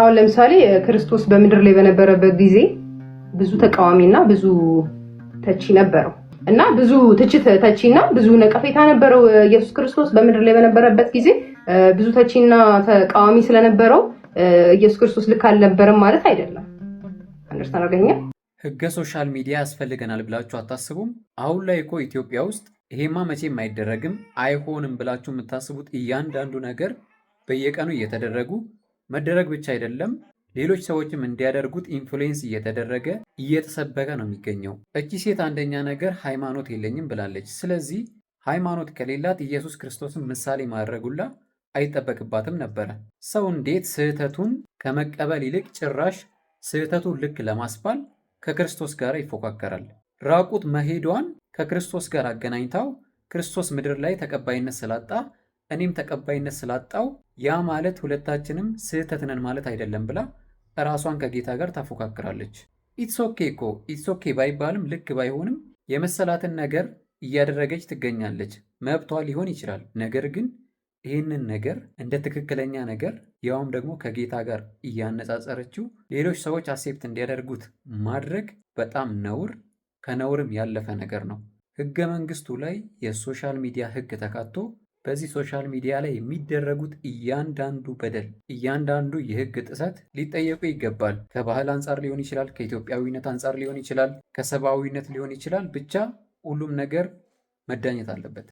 አሁን ለምሳሌ ክርስቶስ በምድር ላይ በነበረበት ጊዜ ብዙ ተቃዋሚና ብዙ ተቺ ነበረው እና ብዙ ትችት ተቺና ብዙ ነቀፌታ ነበረው። ኢየሱስ ክርስቶስ በምድር ላይ በነበረበት ጊዜ ብዙ ተቺና ተቃዋሚ ስለነበረው ኢየሱስ ክርስቶስ ልክ አልነበረም ማለት አይደለም። አንደርስታን አገኘ ህገ ሶሻል ሚዲያ ያስፈልገናል ብላችሁ አታስቡም? አሁን ላይ እኮ ኢትዮጵያ ውስጥ ይሄማ መቼም አይደረግም አይሆንም ብላችሁ የምታስቡት እያንዳንዱ ነገር በየቀኑ እየተደረጉ መደረግ ብቻ አይደለም ሌሎች ሰዎችም እንዲያደርጉት ኢንፍሉዌንስ እየተደረገ እየተሰበከ ነው የሚገኘው። እቺ ሴት አንደኛ ነገር ሃይማኖት የለኝም ብላለች። ስለዚህ ሃይማኖት ከሌላት ኢየሱስ ክርስቶስን ምሳሌ ማድረጉላ አይጠበቅባትም ነበረ። ሰው እንዴት ስህተቱን ከመቀበል ይልቅ ጭራሽ ስህተቱን ልክ ለማስባል ከክርስቶስ ጋር ይፎካከራል? ራቁት መሄዷን ከክርስቶስ ጋር አገናኝታው ክርስቶስ ምድር ላይ ተቀባይነት ስላጣ እኔም ተቀባይነት ስላጣው ያ ማለት ሁለታችንም ስህተት ነን ማለት አይደለም ብላ ራሷን ከጌታ ጋር ታፎካክራለች። ኢትስ ኦኬ እኮ ኢትስ ኦኬ ባይባልም ልክ ባይሆንም የመሰላትን ነገር እያደረገች ትገኛለች። መብቷ ሊሆን ይችላል። ነገር ግን ይህንን ነገር እንደ ትክክለኛ ነገር ያውም ደግሞ ከጌታ ጋር እያነጻጸረችው ሌሎች ሰዎች አሴፕት እንዲያደርጉት ማድረግ በጣም ነውር፣ ከነውርም ያለፈ ነገር ነው። ህገ መንግስቱ ላይ የሶሻል ሚዲያ ህግ ተካቶ በዚህ ሶሻል ሚዲያ ላይ የሚደረጉት እያንዳንዱ በደል፣ እያንዳንዱ የህግ ጥሰት ሊጠየቁ ይገባል። ከባህል አንጻር ሊሆን ይችላል፣ ከኢትዮጵያዊነት አንጻር ሊሆን ይችላል፣ ከሰብአዊነት ሊሆን ይችላል። ብቻ ሁሉም ነገር መዳኘት አለበት።